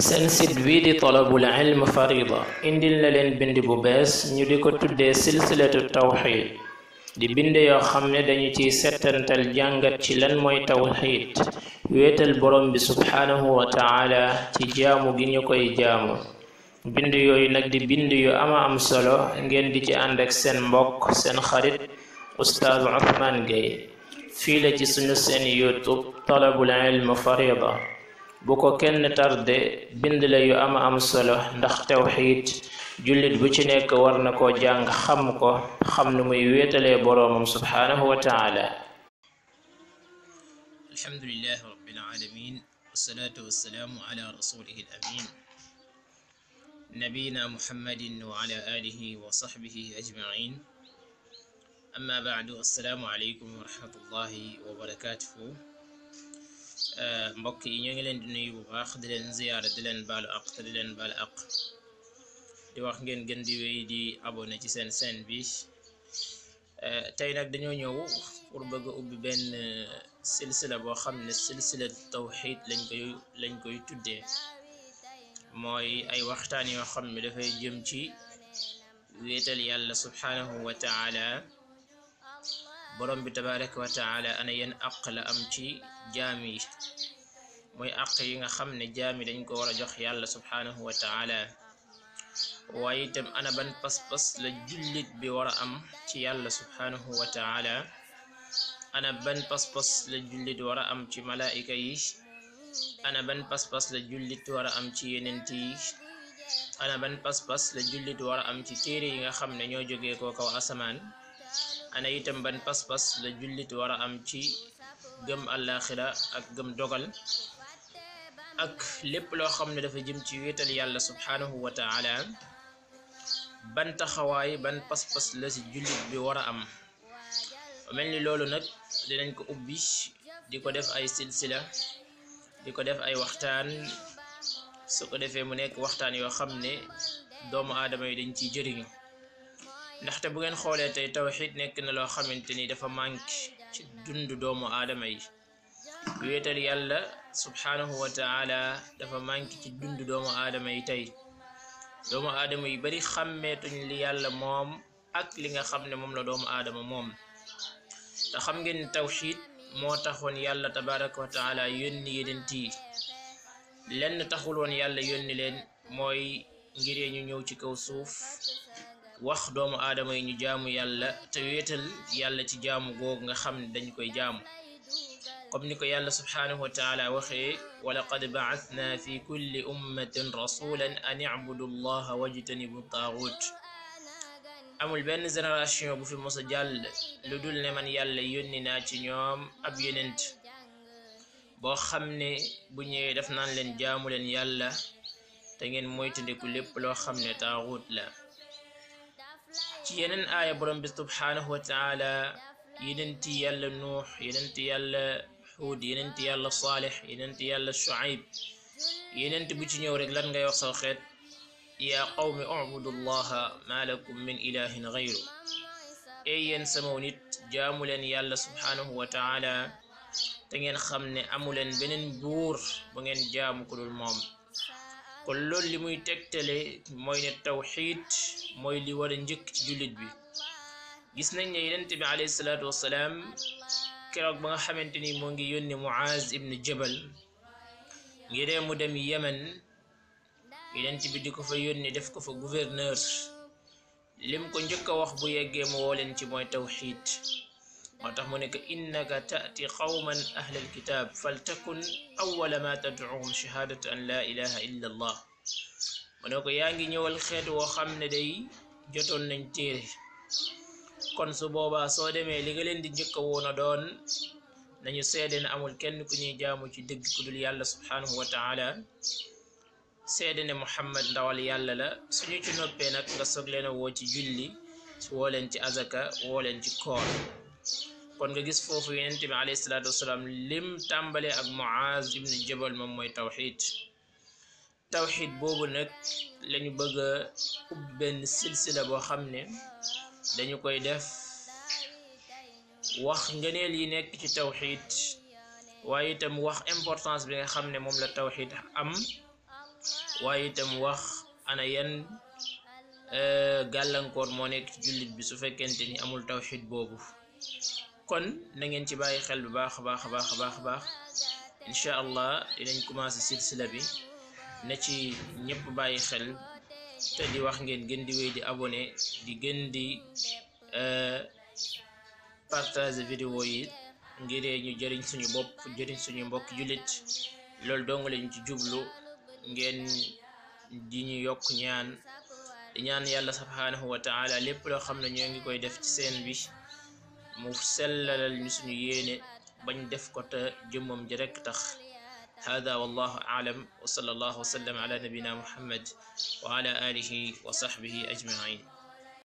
seen site bii di talabul ilm farida na leen bind bu bees ñu di ko tuddee silsilatu tawxid di bind yoo xam ne dañu ciy settantal jàngat ci lan mooy tawxid wéetal borom bi subhaanahu wa taala ci jaamu gi ñu koy jaamu bind yooyu nag di bind yu ama am solo ngeen di ci ànd ak seen mbokk seen xarit ustaaz Ousmane Gueye fii ci suñu seen youtube talabul ilm farida bu ko kenn tarde bind la yu ama am solo ndax tawxiid jullit bu ci nekk war na ko jàng xam ko xam nu muy wéetalee boroomam subhaanahu wa taala alhamdulilah rabbil alamin wasalaatu wasalaamu ala rasulihi al amin nabiyina muhammadin wa ala alihi wa sahbihi ajmain amma baadu assalaamu aleykum wa rahmatullahi wa barakatuhu Euh, mbokk yi ñoo ngi leen di nuyu bu baax di leen ziyaara di leen baalu àq te di leen baalu àq di wax ngeen gën di wéy di abonné ci seen chaîne bi euh, tey nag dañoo ñëw pour bëgg a ubbi benn euh, silsila boo xam ne silsila tawxiid lañ koy lañ koy tuddee mooy ay waxtaan yoo xam ne dafay jëm ci wéetal yàlla subhaanahu wa taala borom bi tabaraka wa taala ana yéen àq la am ci jaam yi mooy àq yi nga xam ne jaam yi dañ ko war a jox yàlla subhaanahu wa taala waaye itam ana ban pas-pas la jullit bi war a am ci yàlla subhaanahu wa taala ana ban pas-pas la war a am ci malaayika yi ana ban pas-pas la jullit war a am ci yenent yi ana ban pas-pas la jullit war am ci téere yi nga xam ne ñoo jógee koo kaw asamaan ana itam ban pas-pas la jullit war a am ci gëm àllaaxira ak gëm dogal ak lépp loo xam ne dafa jëm ci wéetal yàlla subhaanahu wa taala ban taxawaay ban pas-pas la ci jullit bi war a am mel ni loolu nag dinañ ko ubbi di ko def ay silsila di ko def ay waxtaan su ko defee mu nekk waxtaan yoo xam ne doomu aadama yi dañ ciy jëriñu ndaxte bu ngeen xoolee tey tawxid nekk na loo xamante ni dafa manqué ci dundu doomu aadama yi wetal yàlla subhaanahu wa taala dafa manqué ci dundu doomu aadama yi tey doomu aadama yi bari xàmmeetuñ li yàlla moom ak li nga xam ne moom la doomu aadama moom te xam ngeen ni tawxid moo taxoon yàlla tabaraka wa taala yónni yonent yi lenn taxuloon yàlla yónni leen mooy ngiree ñu ñëw ci kaw suuf wax doomu aadama yi ñu jaamu yàlla te wéetal yàlla ci jaamu googu nga xam ne dañ koy jaamu comme ni ko yàlla subhaanahu wa taala waxee wa laqad bacatna fi kulli ummatin rasulan an icbudu allaha bu taaxut amul benn génération bu fi mos a jàll lu dul ne man yàlla yónni naa ci ñoom ab yonent boo xam ne bu ñëwee def naan leen jaamu leen yàlla te ngeen moytandiku lépp loo xam ne taaxut la ci yeneen aaya borom bi subhaanahu wa taala yenenti yàlla nuux yenenti yàlla xuud yenenti yàlla saalix yenenti yàlla shuaib yenenti bu ci ñëw rek lan ngay wax saw xeet yaa qawmi ubudu llaha ma lakum min ilahin gayru ey yéen samaw nit jaamuleen yàlla subhaanahu wa taala te ngeen xam ne amuleen beneen buur ba ngeen jaamu ko dul moom kon loolu li muy tegtale mooy ne tawxiid mooy li war a njëkk ci jullit bi gis nañ ne yonent bi alayhi salaatu wassalaam keroog ba nga xamante ni moo ngi yónni Muaz ibn Jabal ngiree mu dem Yemen yonent bi di ko fa yónni def ko fa gouverneur lim ko njëkk a wax bu yeggee mu woo leen ci mooy tawxiid moo tax mu ne que innaka taati qawman ahla alkitab faltakun awala ma tadcuhum shahaadatu an laa ilaha illa mu ne ko yaa ngi ñëwal xeet woo xam ne day jotoon nañ téere kon su boobaa soo demee li nga leen di njëkk a woon a doon nañu seede na amul kenn ku ñuy jaamu ci dëgg ku dul yàlla subhaanahu wa taala seede ne muhammad ndawal yàlla la suñu ci noppee nag nga soog woo ci julli woo leen ci azaka woo leen ci koor kon nga gis foofu yonent bi alayhi salaatu wasalaam lim tàmbale ak Muaz ibn Jabal moom mooy tawxid tawxid boobu nag lañu bëgg a ubbi benn silsila boo xam ne dañu koy def wax ngëneel yi nekk ci tawxid waaye itam wax importance bi nga xam ne moom la tawxid am waaye itam wax ana yan euh, gàllankoor moo nekk ci jullit bi su fekkente ni amul tawxid boobu kon na ngeen ci bàyyi xel bu baax a baax baax a baax a baax incha allah dinañ commencé silsila bi na ci ñëpp bàyyi xel te di wax ngeen gën di wéy di abonné di gën di euh, partager vidéo yi ngir ñu jëriñ suñu bopp jëriñ suñu mbokk jullit loolu dong lañ ci jublu ngeen di ñu yokk ñaan di ñaan yàlla subhaanahu wa taala lépp loo xam ne ñoo ngi koy def ci seen bi mu sellalal ñu suñu yéene bañ def ko te jëmmam ji rekk tax hada wallahu aalam wa sallallahu wa sallam ala nabina muhammad wa ala alihi wa sahbihi ajmain